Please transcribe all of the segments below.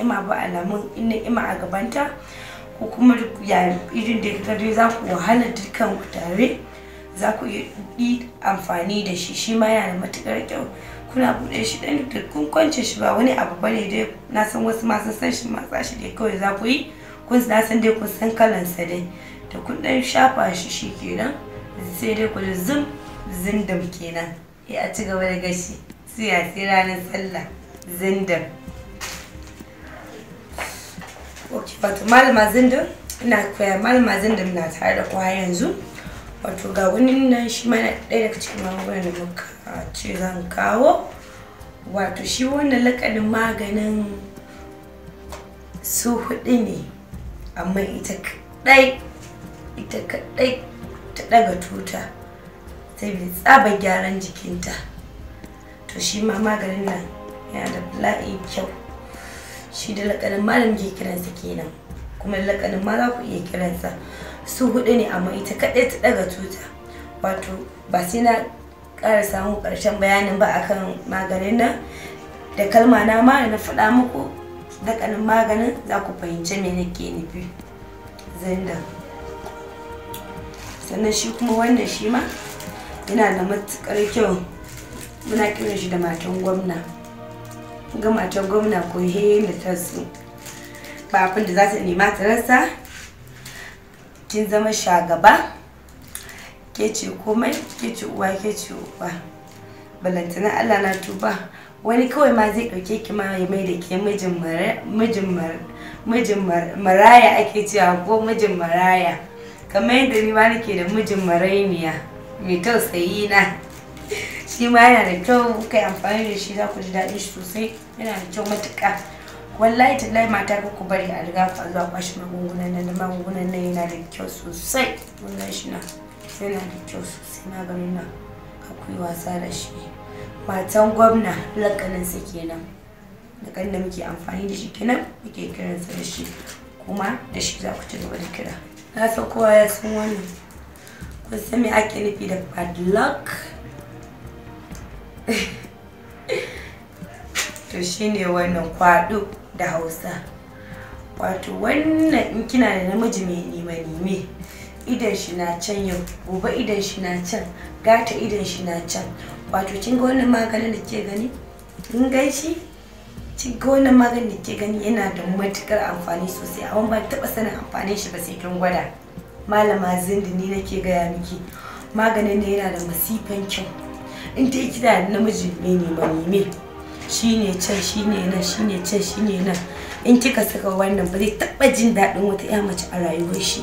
ima ba alamun ni'ima a gabanta ko kuma duk ya irin da ta dai za ku wahala dukkan ku tare za ku yi amfani da shi shi ma yana matukar kyau kuna buɗe shi dan da kun kwance shi ba wani abu bane dai na san wasu ma san shi ma shi dai kawai za ku yi kun na san dai kun san kalan sa dai da kun dan shafa shi shi kenan sai dai ku zum zindam kenan a ci gaba da gashi sai ya sai ranar sallah zindam wato malama zindin ina koya malama zindin na tare da kwaya yanzu wato ga wani nan shi mana ɗaya daga cikin magungunan da muka ah, ce zan kawo wato shi wannan lakanin maganin su hudu ne amma ita kaɗai ita kaɗai ta ɗaga tuta saboda tsaba gyaran jikinta to shi ma maganin nan yana da bala'i kyau shi da lakanin malam ke kiransa kenan kuma da lakanin ma za ku iya kiransa su hudu ne amma ita kaɗai ta daga tuta wato ba sai na ƙara samun ƙarshen bayanin ba akan maganin nan da kalma na ma na faɗa muku lakanin maganin za ku fahimci me nake nufi zindan sannan shi kuma wannan shi ma yana da matuƙar kyau muna kiran shi da matan gwamna ga gwamna ko hela ta su ba abin da za ta nema ta rasa kin zama shagaba ke ce komai ke ce uwa ke ce uba balantana allah na tuba wani kawai ma zai ɗauke ki ma ya mai da ke mijin maraya ake cewa ko mijin maraya kamar yadda ni ma nake da mijin marainiya mai tausayi na shi ma yana da kyau kai amfani da shi za ku ji daɗi shi sosai yana da kyau matuƙa wallahi tallahi mata ku ku bari a riga ku zuwa kwashi magungunan nan da magungunan nan yana da kyau sosai wannan shi na yana da kyau sosai maganin nan akwai wasa da shi matan gwamna lakanin sa kenan lakan da muke amfani da shi kenan muke sa da shi kuma da shi za ku ci gaba da kira na san kowa ya san wannan kun san me ake nufi da padlock to shine wannan kwaɗo da hausa wato wannan in kina da namiji mai nima nime idan shi na can yau gobe idan shi na can gata idan shi na can wato kin ga wannan maganin da ke gani kin shi kin ga wannan maganin da ke gani yana da matukar amfani sosai amma ba taba sanin amfanin shi ba sai kin gwada malama zindi ni nake gaya miki maganin ne yana da masifan kyau in dai kina namiji ne ne shi shine can shine nan shine can shine nan in kika saka wannan ba zai taba jin daɗin wata ya mace a rayuwar shi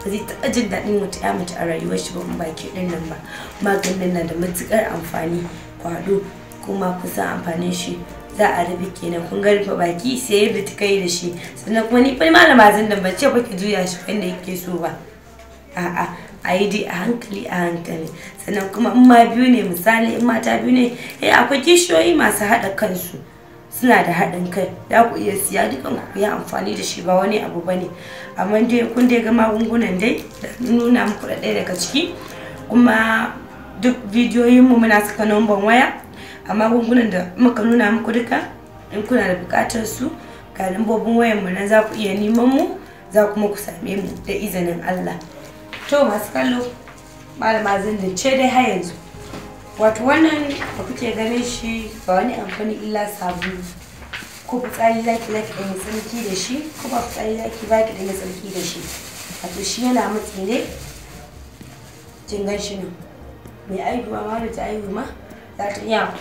ba zai taba jin daɗin wata ya mace a rayuwar shi ba in ba ke ɗin nan ba maganin na da matukar amfani kwado kuma kusan amfanin shi za a rufe kenan kun ga rufe baki sai yadda ta kai da shi sannan kuma ni fa malama zan da bace ba ki juya shi inda yake so ba a'a a yi a hankali a hankali sannan kuma in ma biyu ne misali in mata biyu ne eh akwai kishiyoyi masu haɗa kansu suna da haɗin kai za ku iya siya dukan ku yi amfani da shi ba wani abu ba ne amma dai kun dai ga magungunan dai nuna muku da ɗaya daga ciki kuma duk bidiyoyinmu muna saka namban waya a magungunan da muka nuna muku duka in kuna da buƙatar su ga wayan mu nan za ku iya neman mu za kuma ku same mu da izinin Allah. to masu kallo malama da ce dai har yanzu wato wannan da kuke ganin shi ba wani amfani illa sabu ko fitsari zaki zaki ɗanyi tsarki da shi ko ba fitsari zaki baki ɗanyi tsarki da shi wato shi yana matsi ne jin gan shi nan mai aihuwa ma da ta aihu ma za ta iya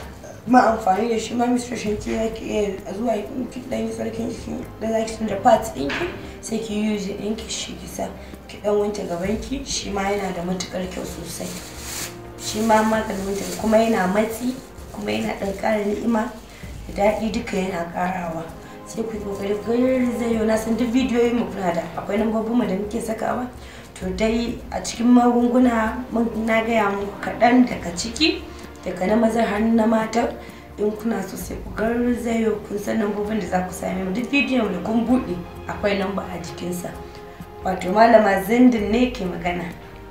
kuma amfani da shi ma mr shanti ya a zuwa ki dan yi sarkin shi da za ki da parts sai ki yi din ki shi kisa ki dan wanke gabanki shi ma yana da matukar kyau sosai shi ma maganin wanke kuma yana matsi kuma yana ɗan ƙara ni'ima da daɗi duka yana ƙarawa sai ku yi kokari ku zai yi na san duk bidiyoyin mu kuna da akwai lambobin mu da muke sakawa to dai a cikin magunguna na gaya muku kaɗan daga ciki daga na maza har na mata in kuna so sai ku garzayo kun san lambobin da za ku same mu duk bidiyo da kun buɗe akwai lamba a jikinsa wato malama zindin ne ke magana